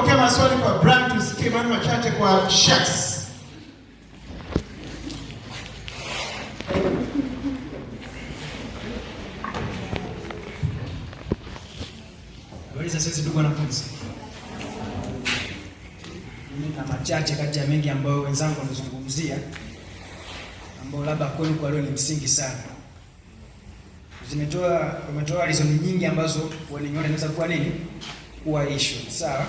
Tunapokea maswali kwa brand, tusikie maneno machache kwa Shaks. Sisi ndugu wanafunzi, na machache kati ya mengi ambayo wenzangu wamezungumzia, ambayo labda kwenu kwa leo ni msingi sana. Zimetoa, wametoa reason nyingi ambazo waniona inaweza kuwa nini kuwa issue, sawa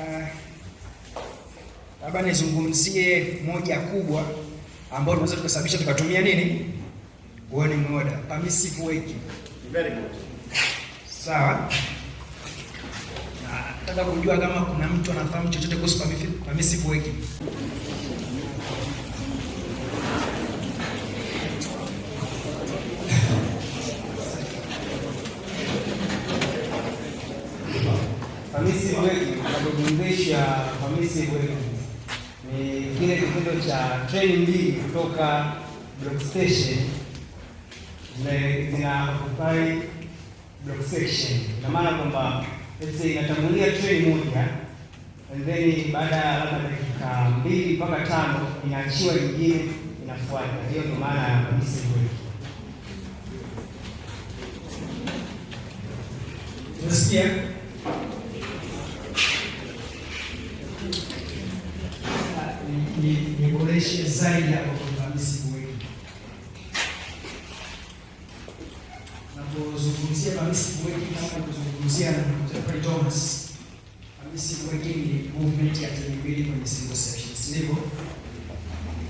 Uh, labda nizungumzie moja kubwa ambayo tunaweza tukasababisha tukatumia nini ni moda permissive working. Very good. Sawa, nataka kujua kama kuna mtu anafahamu chochote kuhusu permissive working. Famisi Working kinachojumuisha Famisi Working ni kile kitendo cha treni mbili kutoka block station zina occupy block section. na maana kwamba let's say inatangulia treni moja and then baada ya labda dakika mbili mpaka tano inaachiwa nyingine inafuata. Hiyo ndio maana ya Famisi Working. Nasikia kuzungumzia Hamisi Mwegini kama kuzungumzia Jeffrey Thomas. Hamisi Mwegini ni movement ya timu mbili kwenye single session, si ndivyo?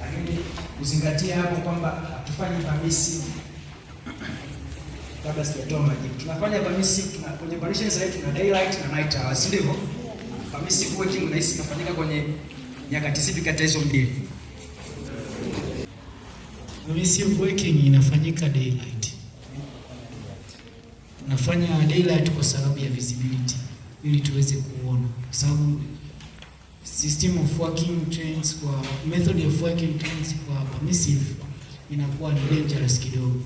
Lakini kuzingatia hapo kwamba hatufanyi Hamisi kabla sijatoa majibu, tunafanya Hamisi kwenye operation sasa, tuna daylight na night hours, si ndivyo? Hamisi Mwegini unahisi inafanyika kwenye nyakati zipi kati hizo mbili? Hamisi Mwegini inafanyika daylight nafanya daylight kwa sababu ya visibility, ili tuweze kuona, kwa sababu system of working trains kwa method of working trains kwa permissive inakuwa ni dangerous kidogo.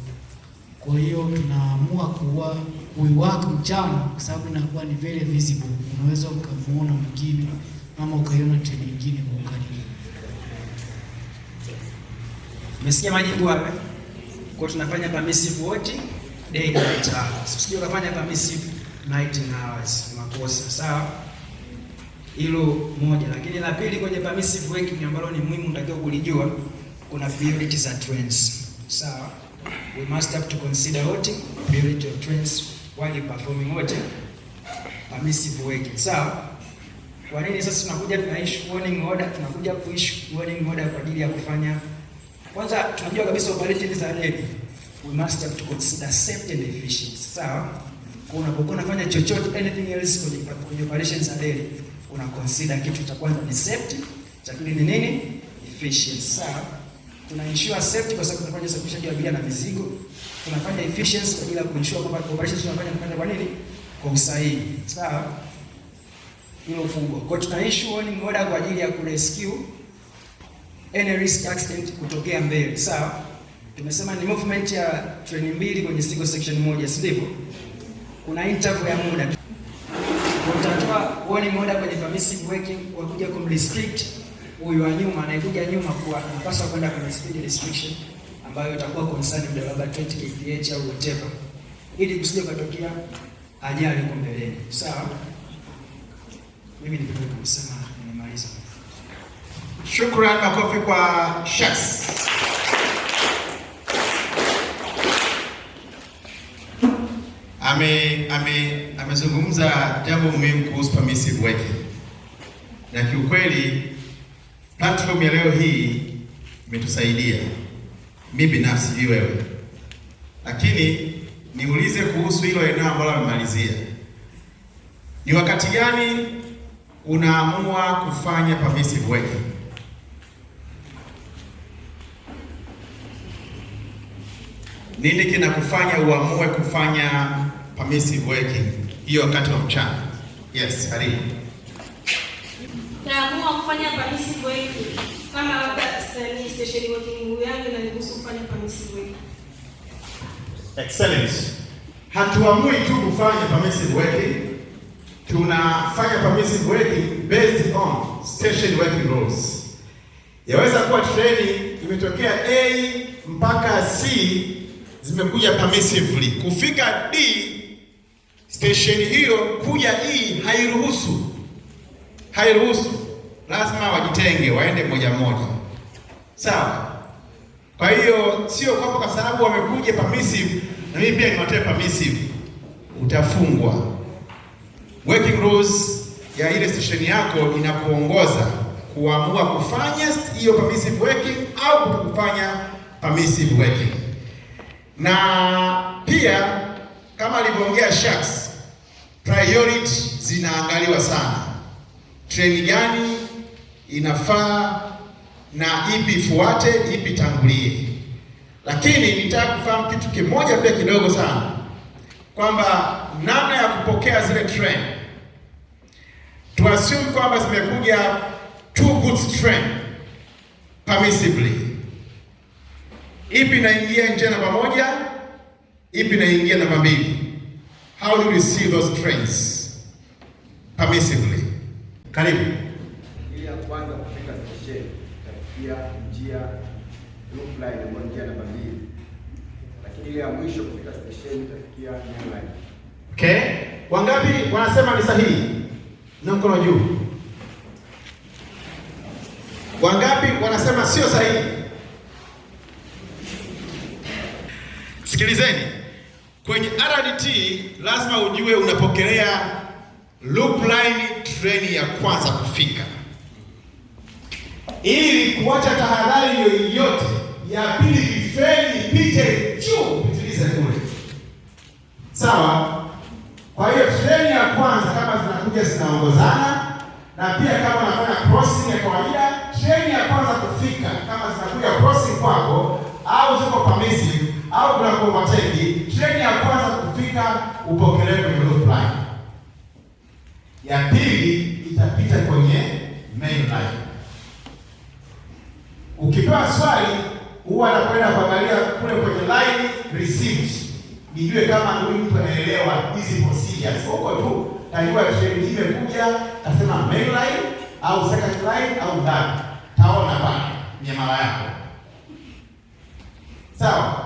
Kwa hiyo tunaamua kuwa kuiwaka mchana kwa sababu inakuwa ni very visible, unaweza ukamuona mwingine ama ukaiona train nyingine kwa ukaribu. Umesikia majibu hapa? Kwa tunafanya permissive voting day night hours. Usije ukafanya kamisi night hours, makosa sawa. Hilo moja, lakini la pili kwenye permissive working ambalo ni muhimu unatakiwa kulijua, kuna priority za trends sawa. We must have to consider what priority of trends while performing what permissive working sawa. Kwa nini sasa tunakuja tunaissue warning order? Tunakuja kuissue warning order kwa ajili ya kufanya, kwanza tunajua kabisa operate za nini we must have to consider safety and efficiency. Sawa? Kwa unapokuwa unafanya chochote anything else kwenye kwenye operations za daily, una consider kitu cha kwanza ni safety, cha pili ni nini? Efficiency. Sawa? Tuna ensure safety kwa sababu tunafanya usafirishaji wa abiria na mizigo. Tunafanya efficiency kwa ajili ya kuensure kwamba operations tunafanya tunafanya kwa nini? Kwa usahihi. Sawa? Hilo fungo. Kwa tuna issue warning order kwa ajili ya kurescue any risk accident kutokea mbele. Sawa? tumesema ni movement ya treni mbili kwenye single section moja, si ndivyo? Kuna interval ya muda utatoa warning muda kwenye permissive working, wa wakuja kumrestrict huyu wa nyuma anayekuja nyuma, kuwa anapaswa kwenda kwenye speed restriction ambayo itakuwa concern muda labda 20 kph au whatever, ili kusije kutokea ajali huko mbeleni. Sawa, mimi nilikuwa nimesema nimemaliza. Shukrani, makofi kwa Shaks. ame- ame- amezungumza jambo muhimu kuhusu permissive working, na kiukweli platform ya leo hii imetusaidia mimi binafsi, hii wewe, lakini niulize kuhusu hilo eneo ambalo amemalizia, ni wakati gani unaamua kufanya permissive working? Nini kinakufanya uamue kufanya permissive working hiyo wakati wa mchana. Yes, karibu. Naamua kufanya permissive working kama labda station working yangu na niruhusu kufanya permissive working. Excellent. Hatuamui tu kufanya permissive working, tunafanya permissive working based on station working rules. Yaweza kuwa treni imetokea A mpaka C zimekuja permissively kufika D stesheni hiyo kuja hii hairuhusu, hairuhusu, lazima wajitenge waende moja moja, sawa. Kwa hiyo sio kwamba kwa sababu wamekuja permissive na mimi pia niwatoe permissive, utafungwa. Working rules ya ile stesheni yako inakuongoza kuamua kufanya hiyo permissive working au kutokufanya permissive working, na pia kama alivyoongea Shaks priority zinaangaliwa sana, treni gani inafaa na ipi ifuate, ipi tangulie. Lakini nitaka kufahamu kitu kimoja pia kidogo sana, kwamba namna ya kupokea zile train, assume kwamba zimekuja two goods train permissibly, ipi inaingia njia namba moja, ipi inaingia namba mbili How do you receive those trends permissively? Karibu. Ili ya kwanza kufika njia mbili, lakini ya mwisho kufika Okay, wangapi wanasema ni sahihi? Na mkono juu. Wangapi wanasema sio sahihi? Sikilizeni. Kwenye RDT lazima ujue unapokelea loop line treni ya kwanza kufika, ili kuacha tahadhari yoyote ya pili kifreni ipite juu itulize kule, sawa. Kwa hiyo treni ya kwanza kama zinakuja zinaongozana, na pia kama unafanya crossing ya kawaida, treni ya kwanza kufika kama zinakuja crossing kwako, au ziko permissive au kuna kumateki upokelewe kwenye roho fulani. Ya pili itapita kwenye main line. Ukipewa swali, huwa anakwenda kuangalia kule kwenye line received, nijue kama huyu mtu anaelewa hizi procedures. Huko tu tajua treni imekuja, tasema main line au second line au ndani, taona pale nyamara yako, sawa. So,